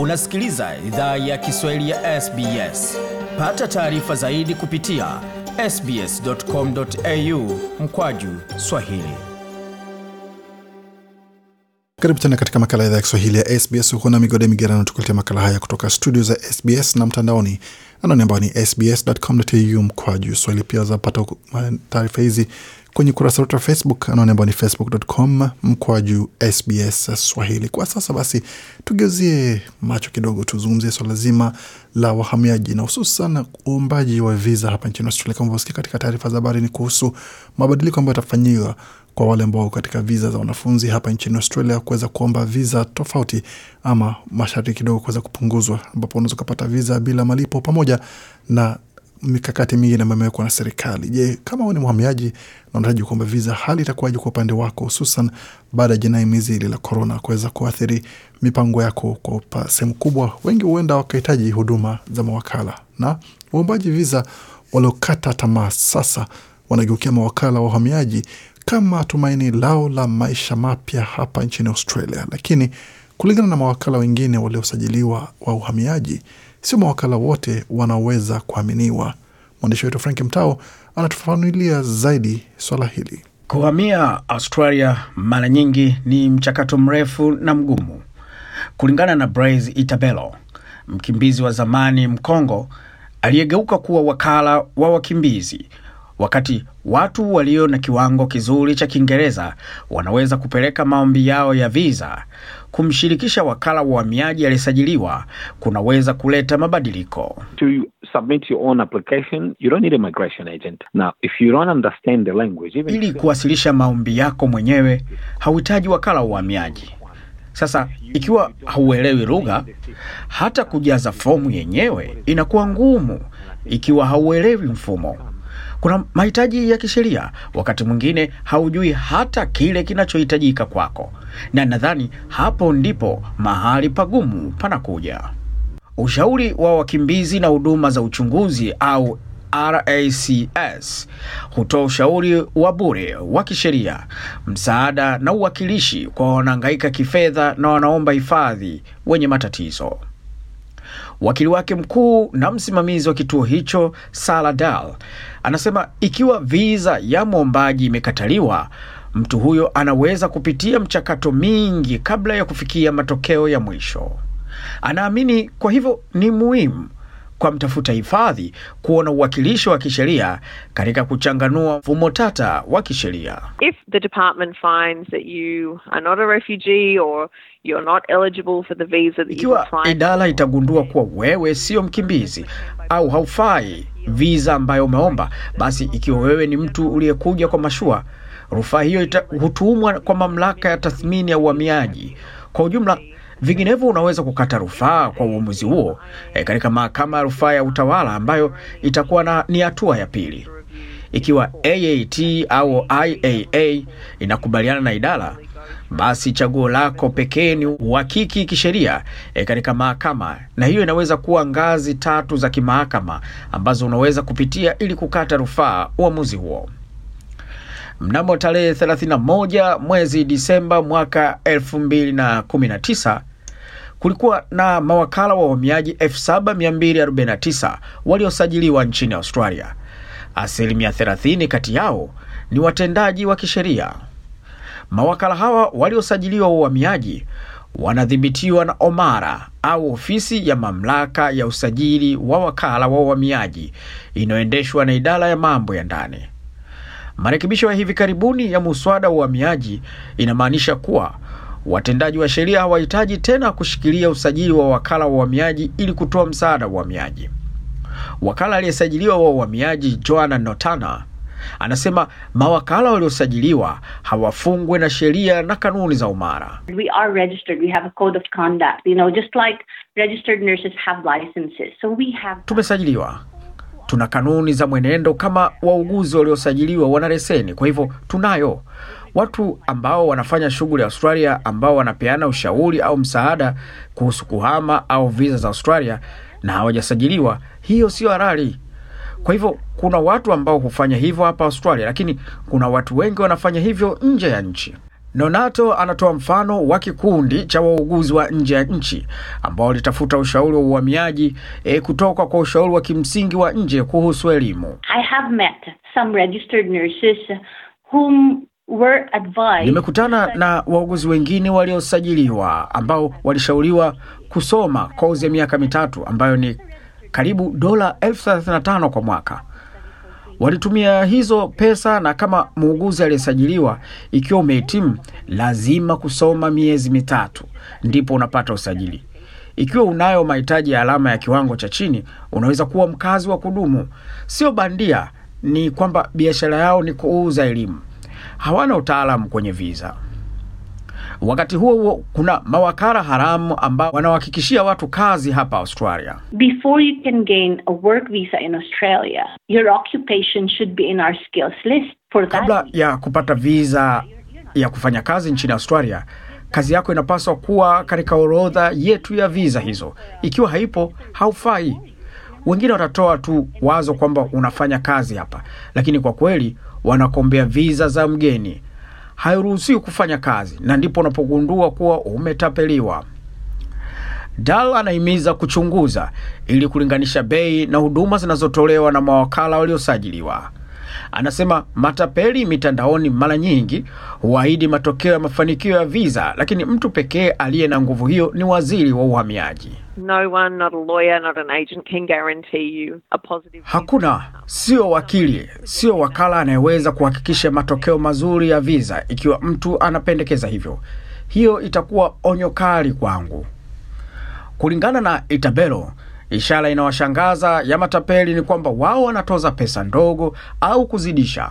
Unasikiliza idhaa ya Kiswahili ya SBS. Pata taarifa zaidi kupitia sbs.com.au mkwaju swahili. Karibu tena katika makala idhaa ya Kiswahili ya SBS. Hukuna migode migerano, tukuletea makala haya kutoka studio za SBS na mtandaoni, anaoni ambao ni sbs.com.au mkwaju swahili. Pia zapata taarifa hizi kwenye ukurasa wetu wa Facebook anaone ambao ni facebook.com juu SBS Swahili. Kwa sasa basi, tugeuzie macho kidogo, tuzungumzie swala so zima la wahamiaji na hususan uombaji wa viza hapa nchini Australia. Kama vyosikia katika taarifa za habari, ni kuhusu mabadiliko ambayo yatafanyiwa kwa wale ambao katika viza za wanafunzi hapa nchini Australia kuweza kuomba viza tofauti ama masharti kidogo kuweza kupunguzwa, ambapo unaweza ukapata viza bila malipo pamoja na mikakati mingine ambayo imewekwa na serikali. Je, kama wewe ni mhamiaji na unataraji kuomba viza, hali itakuwaje kwa upande wako, hususan baada ya jinamizi hili la korona kuweza kuathiri mipango yako kwa sehemu kubwa? Wengi huenda wakahitaji huduma za mawakala na waombaji viza waliokata tamaa sasa wanageukia mawakala wa uhamiaji kama tumaini lao la maisha mapya hapa nchini Australia. Lakini kulingana na mawakala wengine waliosajiliwa wa uhamiaji sio mawakala wote wanaweza kuaminiwa. Mwandishi wetu Frank Mtao anatufafanulia zaidi swala hili. Kuhamia Australia mara nyingi ni mchakato mrefu na mgumu. Kulingana na Blaise Itabelo, mkimbizi wa zamani Mkongo aliyegeuka kuwa wakala wa wakimbizi, wakati watu walio na kiwango kizuri cha Kiingereza wanaweza kupeleka maombi yao ya viza, kumshirikisha wakala wa uhamiaji aliyesajiliwa kunaweza kuleta mabadiliko. Ili kuwasilisha maombi yako mwenyewe hauhitaji wakala wa uhamiaji. Sasa ikiwa hauelewi lugha, hata kujaza fomu yenyewe inakuwa ngumu ikiwa hauelewi mfumo kuna mahitaji ya kisheria, wakati mwingine haujui hata kile kinachohitajika kwako, na nadhani hapo ndipo mahali pagumu panakuja. Ushauri wa wakimbizi na huduma za uchunguzi au RACS hutoa ushauri wa bure wa kisheria, msaada na uwakilishi kwa wanahangaika kifedha na wanaomba hifadhi wenye matatizo. Wakili wake mkuu na msimamizi wa kituo hicho Sala Dal anasema ikiwa viza ya mwombaji imekataliwa, mtu huyo anaweza kupitia mchakato mingi kabla ya kufikia matokeo ya mwisho. Anaamini kwa hivyo ni muhimu kwa mtafuta hifadhi kuona uwakilishi wa kisheria katika kuchanganua mfumo tata wa kisheria. If the department finds that you are not a refugee or you're not eligible for the visa that ikiwa idara itagundua kuwa wewe sio mkimbizi au haufai viza ambayo umeomba, basi ikiwa wewe ni mtu uliyekuja kwa mashua, rufaa hiyo hutumwa kwa mamlaka ya tathmini ya uhamiaji. Kwa ujumla Vinginevyo unaweza kukata rufaa kwa uamuzi huo e, katika mahakama ya rufaa ya utawala ambayo itakuwa na ni hatua ya pili. Ikiwa AAT au IAA inakubaliana na idara, basi chaguo lako pekee ni uhakiki kisheria e, katika mahakama, na hiyo inaweza kuwa ngazi tatu za kimahakama ambazo unaweza kupitia ili kukata rufaa uamuzi huo. Mnamo tarehe 31 mwezi Disemba mwaka 219 kulikuwa na mawakala wa uhamiaji 7249 waliosajiliwa nchini Australia. Asilimia 30 kati yao ni watendaji wa kisheria. Mawakala hawa waliosajiliwa wa uhamiaji wanadhibitiwa na Omara au ofisi ya mamlaka ya usajili wa wakala wa uhamiaji inayoendeshwa na idara ya mambo ya ndani. Marekebisho ya hivi karibuni ya muswada wa uhamiaji inamaanisha kuwa Watendaji wa sheria hawahitaji tena kushikilia usajili wa wakala wa uhamiaji ili kutoa msaada wa uhamiaji. Wakala aliyesajiliwa wa uhamiaji Joana Notana anasema mawakala waliosajiliwa hawafungwe na sheria na kanuni za umara. We are registered, we have a code of conduct, you know, just like registered nurses have licenses. So we have... Tumesajiliwa, tuna kanuni za mwenendo kama wauguzi waliosajiliwa wana leseni, kwa hivyo tunayo watu ambao wanafanya shughuli Australia, ambao wanapeana ushauri au msaada kuhusu kuhama au visa za Australia na hawajasajiliwa, hiyo sio halali. Kwa hivyo kuna watu ambao hufanya hivyo hapa Australia, lakini kuna watu wengi wanafanya hivyo nje ya nchi. Nonato anatoa mfano wa kikundi cha wauguzi wa nje ya nchi ambao walitafuta ushauri wa uhamiaji e, kutoka kwa ushauri wa kimsingi wa nje kuhusu elimu. I have met some registered nurses whom Nimekutana na wauguzi wengine waliosajiliwa ambao walishauriwa kusoma kozi ya miaka mitatu ambayo ni karibu dola elfu 35 kwa mwaka. Walitumia hizo pesa, na kama muuguzi aliyesajiliwa, ikiwa umehitimu, lazima kusoma miezi mitatu ndipo unapata usajili. Ikiwa unayo mahitaji ya alama ya kiwango cha chini, unaweza kuwa mkazi wa kudumu. Sio bandia, ni kwamba biashara yao ni kuuza elimu hawana utaalamu kwenye visa. Wakati huo huo, kuna mawakala haramu ambao wanawahakikishia watu kazi hapa Australia. Before you can gain a work visa in Australia, your occupation should be in our skills list for that. Kabla ya kupata visa ya kufanya kazi nchini Australia, kazi yako inapaswa kuwa katika orodha yetu ya visa hizo. Ikiwa haipo, haufai. Wengine watatoa tu wazo kwamba unafanya kazi hapa, lakini kwa kweli wanakombea viza za mgeni, hairuhusiwi kufanya kazi, na ndipo unapogundua kuwa umetapeliwa. Dal anahimiza kuchunguza ili kulinganisha bei na huduma zinazotolewa na mawakala waliosajiliwa. Anasema matapeli mitandaoni mara nyingi huahidi matokeo ya mafanikio ya visa, lakini mtu pekee aliye na nguvu hiyo ni waziri wa uhamiaji. No one, not a lawyer, not an agent can guarantee you a positive... Hakuna, sio wakili, sio wakala anayeweza kuhakikisha matokeo mazuri ya visa ikiwa mtu anapendekeza hivyo. Hiyo itakuwa onyo kali kwangu. Kulingana na Itabelo, Ishara inawashangaza ya matapeli ni kwamba wao wanatoza pesa ndogo au kuzidisha.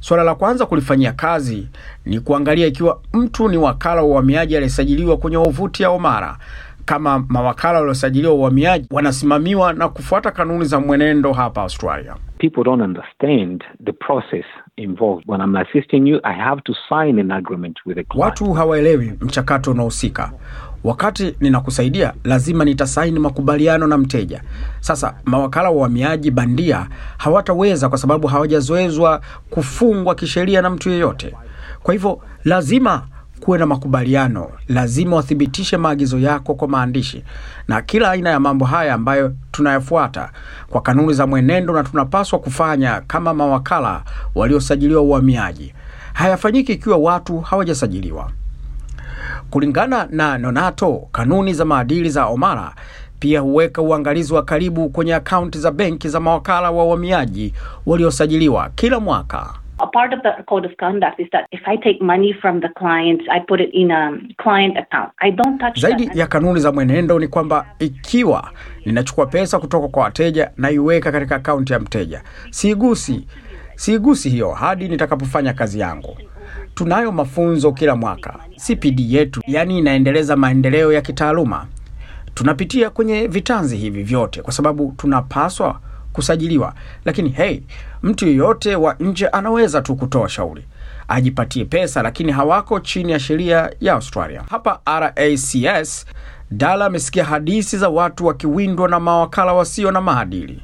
Suala la kwanza kulifanyia kazi ni kuangalia ikiwa mtu ni wakala wa uhamiaji aliyesajiliwa kwenye wavuti ya Omara kama mawakala waliosajiliwa uhamiaji wanasimamiwa na kufuata kanuni za mwenendo hapa Australia. People don't understand the process involved. When I'm assisting you, I have to sign an agreement with client. Watu hawaelewi mchakato unaohusika wakati ninakusaidia lazima nitasaini makubaliano na mteja. Sasa mawakala wa uhamiaji bandia hawataweza, kwa sababu hawajazoezwa kufungwa kisheria na mtu yeyote. Kwa hivyo lazima kuwe na makubaliano, lazima wathibitishe maagizo yako kwa maandishi na kila aina ya mambo haya ambayo tunayafuata kwa kanuni za mwenendo na tunapaswa kufanya kama mawakala waliosajiliwa uhamiaji. Hayafanyiki ikiwa watu hawajasajiliwa. Kulingana na Nonato, kanuni za maadili za Omara pia huweka uangalizi wa karibu kwenye akaunti za benki za mawakala wa uhamiaji waliosajiliwa kila mwaka. A part of the code of conduct is that if I take money from the client, I put it in a client account. I don't touch Zaidi that. ya kanuni za mwenendo ni kwamba ikiwa ninachukua pesa kutoka kwa wateja naiweka katika akaunti ya mteja, siigusi, siigusi hiyo hadi nitakapofanya kazi yangu. Tunayo mafunzo kila mwaka. CPD yetu yaani inaendeleza maendeleo ya kitaaluma. Tunapitia kwenye vitanzi hivi vyote kwa sababu tunapaswa kusajiliwa, lakini hey, mtu yeyote wa nje anaweza tu kutoa shauri ajipatie pesa, lakini hawako chini ya sheria ya Australia. Hapa RACS Dala amesikia hadithi za watu wakiwindwa na mawakala wasio na maadili.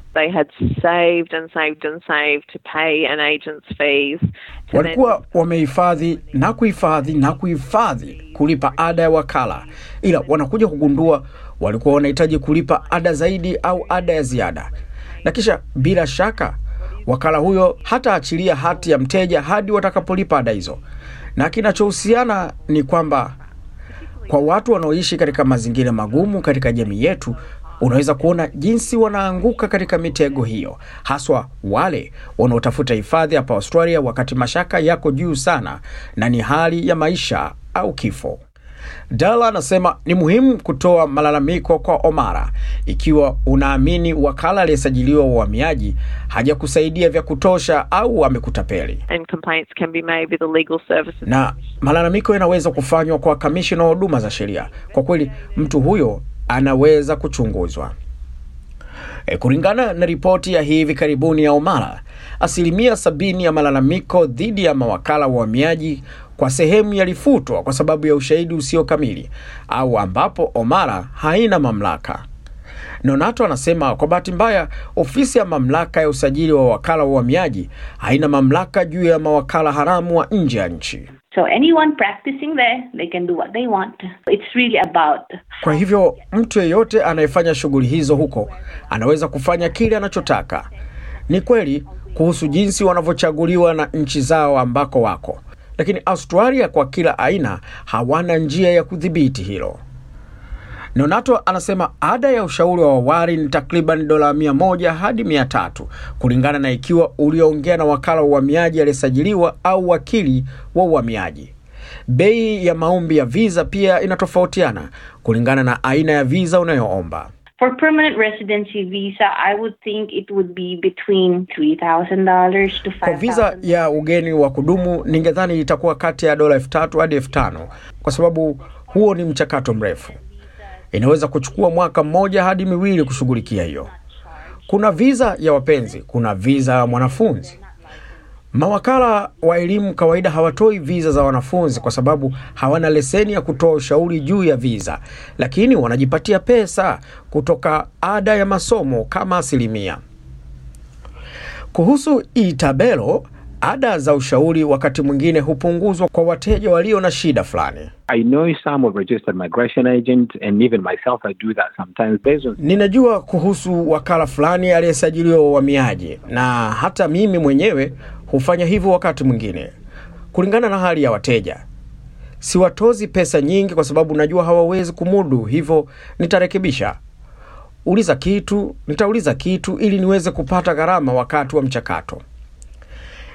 Walikuwa wamehifadhi na kuhifadhi na kuhifadhi kulipa ada ya wakala, ila wanakuja kugundua walikuwa wanahitaji kulipa ada zaidi au ada ya ziada, na kisha bila shaka wakala huyo hataachilia hati ya mteja hadi watakapolipa ada hizo, na kinachohusiana ni kwamba kwa watu wanaoishi katika mazingira magumu katika jamii yetu, unaweza kuona jinsi wanaanguka katika mitego hiyo, haswa wale wanaotafuta hifadhi hapa Australia wakati mashaka yako juu sana na ni hali ya maisha au kifo. Dala anasema ni muhimu kutoa malalamiko kwa Omara ikiwa unaamini wakala aliyesajiliwa wa uhamiaji hajakusaidia vya kutosha au amekutapeli. Na malalamiko yanaweza kufanywa kwa kamishina wa huduma za sheria. Kwa kweli mtu huyo anaweza kuchunguzwa. E, kulingana na ripoti ya hivi karibuni ya Omara, asilimia sabini ya malalamiko dhidi ya mawakala wa uhamiaji kwa sehemu yalifutwa kwa sababu ya ushahidi usio kamili au ambapo Omara haina mamlaka. Nonato anasema kwa bahati mbaya, ofisi ya mamlaka ya usajili wa wakala wa uhamiaji haina mamlaka juu ya mawakala haramu wa nje ya nchi. So really about... Kwa hivyo mtu yeyote anayefanya shughuli hizo huko anaweza kufanya kile anachotaka. Ni kweli kuhusu jinsi wanavyochaguliwa na nchi zao ambako wako lakini Australia kwa kila aina hawana njia ya kudhibiti hilo. Nonato anasema ada ya ushauri wa wawari ni takriban dola mia moja hadi mia tatu kulingana na ikiwa ulioongea na wakala wa uhamiaji aliyesajiliwa au wakili wa uhamiaji. Bei ya maombi ya viza pia inatofautiana kulingana na aina ya viza unayoomba. For permanent residency visa, I would think it would be between $3,000 to $5,000. Kwa visa ya ugeni wa kudumu ningedhani itakuwa kati ya dola elfu tatu hadi elfu tano kwa sababu huo ni mchakato mrefu. Inaweza kuchukua mwaka mmoja hadi miwili kushughulikia hiyo. Kuna visa ya wapenzi, kuna visa ya mwanafunzi. Mawakala wa elimu kawaida hawatoi viza za wanafunzi kwa sababu hawana leseni ya kutoa ushauri juu ya viza, lakini wanajipatia pesa kutoka ada ya masomo kama asilimia. Kuhusu itabelo, ada za ushauri wakati mwingine hupunguzwa kwa wateja walio na shida fulani. Ninajua kuhusu wakala fulani aliyesajiliwa uhamiaji, na hata mimi mwenyewe hufanya hivyo wakati mwingine kulingana na hali ya wateja. Siwatozi pesa nyingi kwa sababu najua hawawezi kumudu, hivyo nitarekebisha. Uliza kitu, nitauliza kitu ili niweze kupata gharama wakati wa mchakato.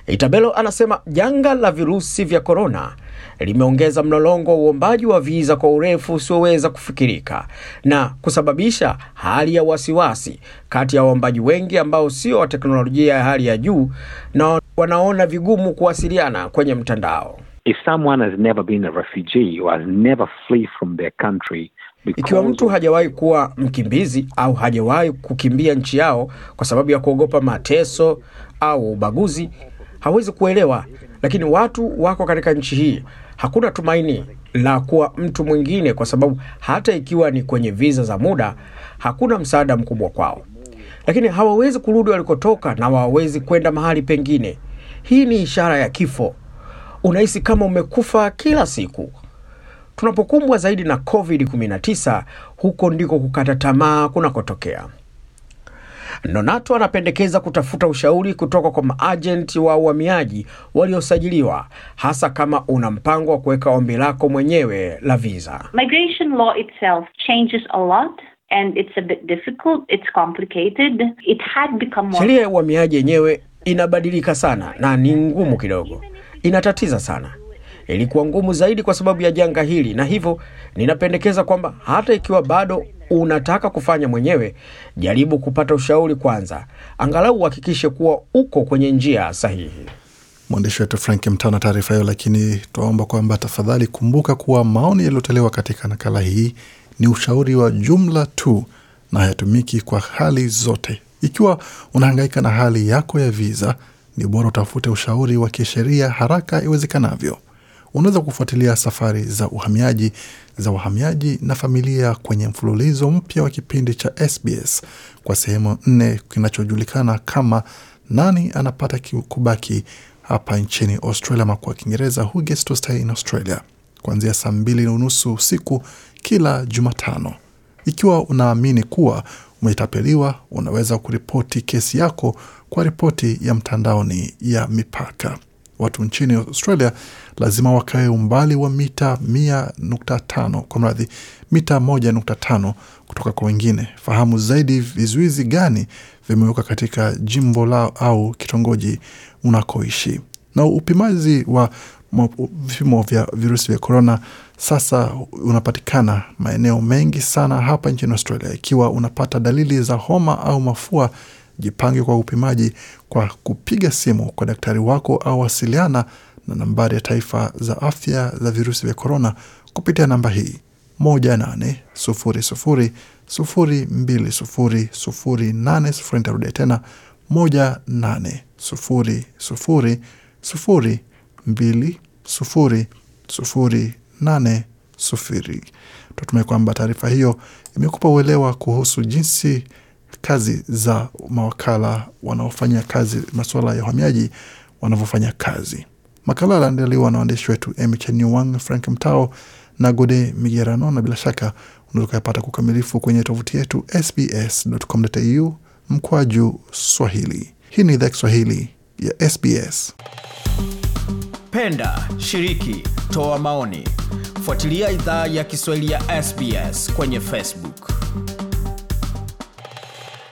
Itabelo anasema janga la virusi vya korona limeongeza mlolongo wa uombaji wa viza kwa urefu usioweza kufikirika na kusababisha hali ya wasiwasi kati ya waombaji wengi ambao sio wa teknolojia ya hali ya juu na wanaona vigumu kuwasiliana kwenye mtandao. If someone has never been a refugee or has never fled from their country Ikiwa mtu hajawahi kuwa mkimbizi au hajawahi kukimbia nchi yao kwa sababu ya kuogopa mateso au ubaguzi, hawezi kuelewa. Lakini watu wako katika nchi hii, hakuna tumaini la kuwa mtu mwingine, kwa sababu hata ikiwa ni kwenye viza za muda, hakuna msaada mkubwa kwao, lakini hawawezi kurudi walikotoka na hawawezi kwenda mahali pengine. Hii ni ishara ya kifo. Unahisi kama umekufa kila siku. Tunapokumbwa zaidi na COVID-19, huko ndiko kukata tamaa kunakotokea. Nonato anapendekeza kutafuta ushauri kutoka kwa maajenti wa uhamiaji waliosajiliwa, hasa kama una mpango wa kuweka ombi lako mwenyewe la visa. Migration law itself changes a lot and it's a bit difficult, it's complicated. It had become more... sheria ya uhamiaji yenyewe inabadilika sana na ni ngumu kidogo, inatatiza sana. Ilikuwa ngumu zaidi kwa sababu ya janga hili, na hivyo ninapendekeza kwamba hata ikiwa bado unataka kufanya mwenyewe, jaribu kupata ushauri kwanza, angalau uhakikishe kuwa uko kwenye njia sahihi. Mwandishi wetu Frank mtana taarifa hiyo, lakini tunaomba kwamba tafadhali kumbuka kuwa maoni yaliyotolewa katika nakala hii ni ushauri wa jumla tu na hayatumiki kwa hali zote. Ikiwa unahangaika na hali yako ya viza, ni bora utafute ushauri wa kisheria haraka iwezekanavyo. Unaweza kufuatilia safari za uhamiaji za wahamiaji na familia kwenye mfululizo mpya wa kipindi cha SBS kwa sehemu nne kinachojulikana kama nani anapata kubaki hapa nchini Australia ama kwa Kiingereza who gets to stay in Australia, kuanzia saa mbili na unusu usiku kila Jumatano. Ikiwa unaamini kuwa Mtapeliwa unaweza kuripoti kesi yako kwa ripoti ya mtandaoni ya mipaka. Watu nchini Australia lazima wakae umbali wa mita mia nukta tano kwa mradhi mita moja nukta tano kutoka kwa wengine. Fahamu zaidi vizuizi gani vimewekwa katika jimbo la au kitongoji unakoishi. Na upimaji wa vipimo vya virusi vya korona sasa unapatikana maeneo mengi sana hapa nchini Australia. Ikiwa unapata dalili za homa au mafua, jipange kwa upimaji kwa kupiga simu kwa daktari wako au wasiliana na nambari ya taifa za afya za virusi vya korona kupitia namba hii moja tena moja nane nane Tunatumai kwamba taarifa hiyo imekupa uelewa kuhusu jinsi kazi za mawakala wanaofanya kazi masuala ya uhamiaji wanavyofanya kazi. Makala aliandaliwa na waandishi wetu Emchenwang, Frank Mtao na Gode Migerano, na bila shaka unaweza ukayapata kwa ukamilifu kwenye tovuti yetu sbs.com.au mkwaju Swahili. Hii ni idhaa Kiswahili ya SBS. Penda, shiriki, kutoa maoni. Fuatilia idhaa ya Kiswahili ya SBS kwenye Facebook.